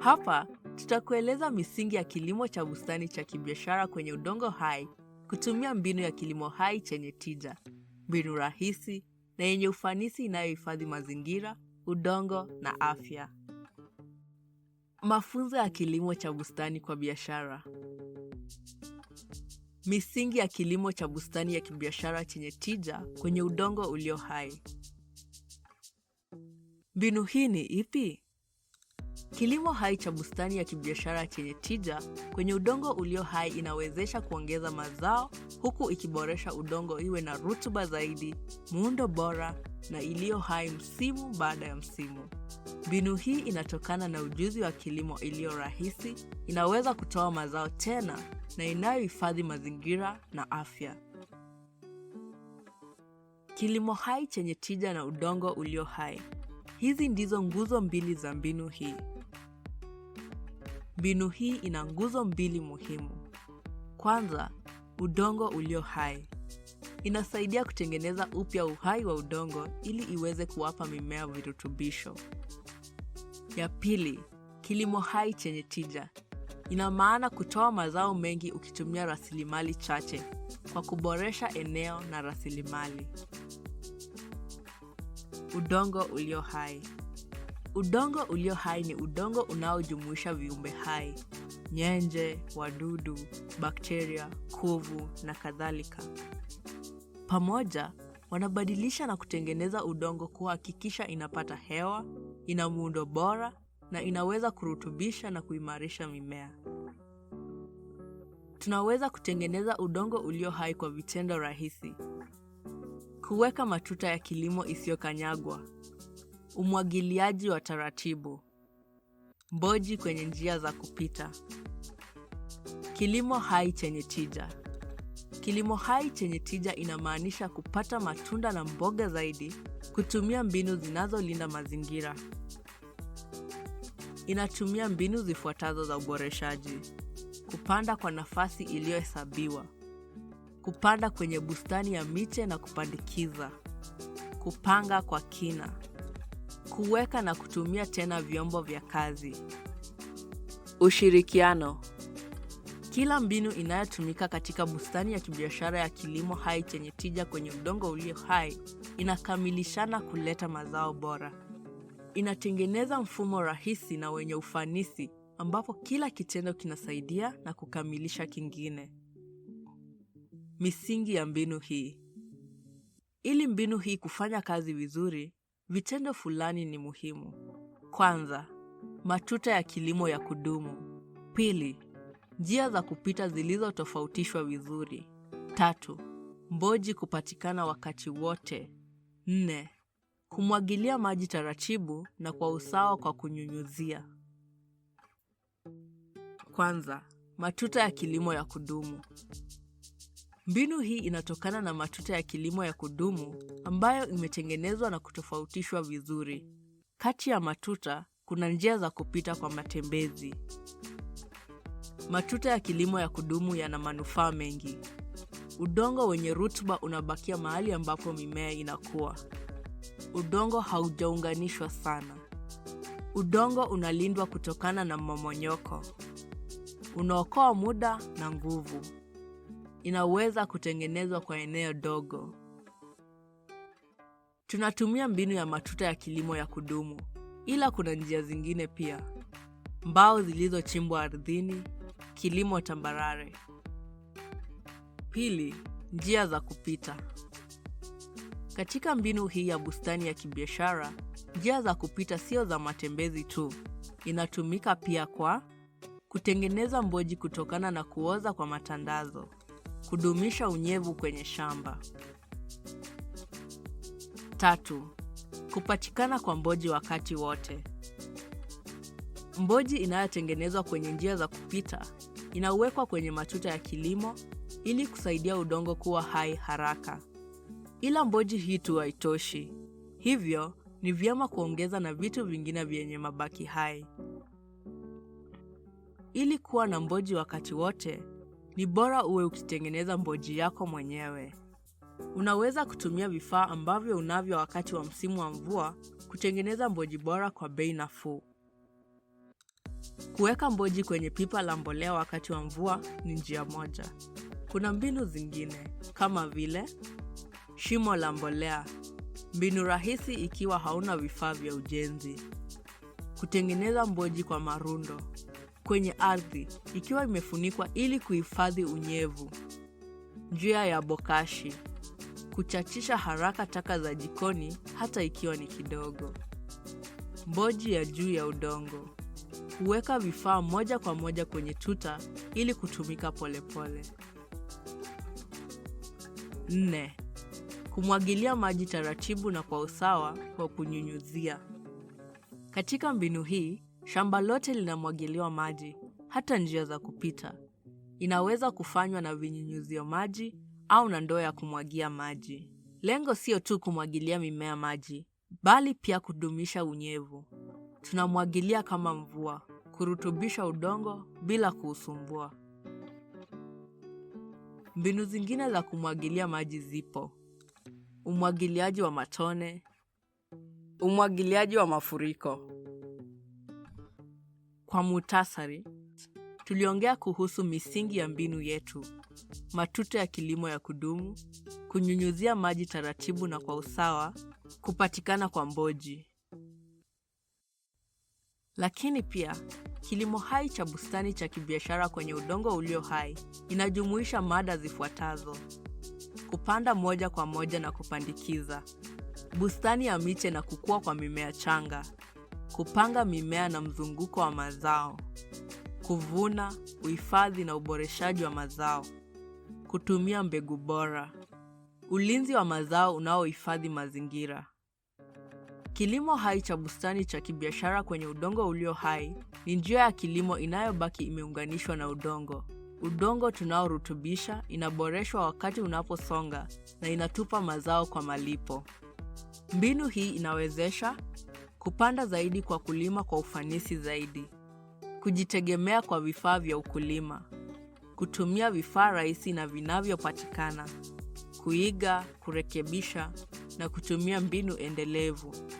Hapa tutakueleza misingi ya kilimo cha bustani cha kibiashara kwenye udongo hai kutumia mbinu ya kilimo hai chenye tija, mbinu rahisi na yenye ufanisi inayohifadhi mazingira, udongo na afya. Mafunzo ya kilimo cha bustani kwa biashara. Misingi ya kilimo cha bustani ya kibiashara chenye tija kwenye udongo ulio hai. Mbinu hii ni ipi? Kilimo hai cha bustani ya kibiashara chenye tija kwenye udongo ulio hai inawezesha kuongeza mazao huku ikiboresha udongo iwe na rutuba zaidi, muundo bora na iliyo hai msimu baada ya msimu. Mbinu hii inatokana na ujuzi wa kilimo iliyo rahisi, inaweza kutoa mazao tena na inayohifadhi mazingira na afya. Kilimo hai chenye tija na udongo ulio hai. Hizi ndizo nguzo mbili za mbinu hii. Mbinu hii ina nguzo mbili muhimu. Kwanza, udongo ulio hai. Inasaidia kutengeneza upya uhai wa udongo ili iweze kuwapa mimea virutubisho. Ya pili, kilimo hai chenye tija. Ina maana kutoa mazao mengi ukitumia rasilimali chache kwa kuboresha eneo na rasilimali. Udongo ulio hai. Udongo ulio hai ni udongo unaojumuisha viumbe hai: nyenje, wadudu, bakteria, kuvu na kadhalika. Pamoja wanabadilisha na kutengeneza udongo kuhakikisha inapata hewa, ina muundo bora na inaweza kurutubisha na kuimarisha mimea. Tunaweza kutengeneza udongo ulio hai kwa vitendo rahisi: kuweka matuta ya kilimo isiyokanyagwa umwagiliaji wa taratibu, mboji kwenye njia za kupita, kilimo hai chenye tija. Kilimo hai chenye tija inamaanisha kupata matunda na mboga zaidi, kutumia mbinu zinazolinda mazingira. Inatumia mbinu zifuatazo za uboreshaji: kupanda kwa nafasi iliyohesabiwa, kupanda kwenye bustani ya miche na kupandikiza, kupanga kwa kina kuweka na kutumia tena vyombo vya kazi. Ushirikiano. Kila mbinu inayotumika katika bustani ya kibiashara ya kilimo hai chenye tija kwenye udongo ulio hai inakamilishana kuleta mazao bora. Inatengeneza mfumo rahisi na wenye ufanisi ambapo kila kitendo kinasaidia na kukamilisha kingine. Misingi ya mbinu hii. Ili mbinu hii kufanya kazi vizuri, vitendo fulani ni muhimu. Kwanza, matuta ya kilimo ya kudumu. Pili, njia za kupita zilizotofautishwa vizuri. Tatu, mboji kupatikana wakati wote. Nne, kumwagilia maji taratibu na kwa usawa kwa kunyunyuzia. Kwanza, matuta ya kilimo ya kudumu. Mbinu hii inatokana na matuta ya kilimo ya kudumu ambayo imetengenezwa na kutofautishwa vizuri. Kati ya matuta kuna njia za kupita kwa matembezi. Matuta ya kilimo ya kudumu yana manufaa mengi. Udongo wenye rutuba unabakia mahali ambapo mimea inakuwa. Udongo haujaunganishwa sana. Udongo unalindwa kutokana na mmomonyoko. Unaokoa muda na nguvu inaweza kutengenezwa kwa eneo dogo. Tunatumia mbinu ya matuta ya kilimo ya kudumu, ila kuna njia zingine pia: mbao zilizochimbwa ardhini, kilimo tambarare. Pili, njia za kupita. Katika mbinu hii ya bustani ya kibiashara, njia za kupita sio za matembezi tu, inatumika pia kwa kutengeneza mboji kutokana na kuoza kwa matandazo kudumisha unyevu kwenye shamba. Tatu, kupatikana kwa mboji wakati wote. Mboji inayotengenezwa kwenye njia za kupita inawekwa kwenye matuta ya kilimo ili kusaidia udongo kuwa hai haraka. Ila mboji hii tu haitoshi, hivyo ni vyema kuongeza na vitu vingine vyenye mabaki hai. Ili kuwa na mboji wakati wote, ni bora uwe ukitengeneza mboji yako mwenyewe. Unaweza kutumia vifaa ambavyo unavyo wakati wa msimu wa mvua kutengeneza mboji bora kwa bei nafuu. Kuweka mboji kwenye pipa la mbolea wakati wa mvua ni njia moja. Kuna mbinu zingine kama vile shimo la mbolea, mbinu rahisi ikiwa hauna vifaa vya ujenzi. Kutengeneza mboji kwa marundo kwenye ardhi ikiwa imefunikwa ili kuhifadhi unyevu. Njia ya bokashi: kuchachisha haraka taka za jikoni hata ikiwa ni kidogo. Mboji ya juu ya udongo: huweka vifaa moja kwa moja kwenye tuta ili kutumika polepole. Nne, kumwagilia maji taratibu na kwa usawa kwa kunyunyuzia. Katika mbinu hii Shamba lote linamwagiliwa maji, hata njia za kupita inaweza kufanywa na vinyunyuzio maji au na ndoo ya kumwagia maji. Lengo sio tu kumwagilia mimea maji, bali pia kudumisha unyevu. Tunamwagilia kama mvua, kurutubisha udongo bila kuusumbua. Mbinu zingine za kumwagilia maji zipo: umwagiliaji wa matone, umwagiliaji wa mafuriko. Kwa muhtasari, tuliongea kuhusu misingi ya mbinu yetu, matuta ya kilimo ya kudumu, kunyunyuzia maji taratibu na kwa usawa, kupatikana kwa mboji. Lakini pia kilimo hai cha bustani cha kibiashara kwenye udongo ulio hai inajumuisha mada zifuatazo: kupanda moja kwa moja na kupandikiza, bustani ya miche na kukua kwa mimea changa kupanga mimea na mzunguko wa mazao, kuvuna, uhifadhi na uboreshaji wa mazao, kutumia mbegu bora, ulinzi wa mazao unaohifadhi mazingira. Kilimo hai cha bustani cha kibiashara kwenye udongo ulio hai ni njia ya kilimo inayobaki imeunganishwa na udongo. Udongo tunaorutubisha inaboreshwa wakati unaposonga na inatupa mazao kwa malipo. Mbinu hii inawezesha kupanda zaidi kwa kulima kwa ufanisi zaidi, kujitegemea kwa vifaa vya ukulima, kutumia vifaa rahisi na vinavyopatikana, kuiga, kurekebisha na kutumia mbinu endelevu.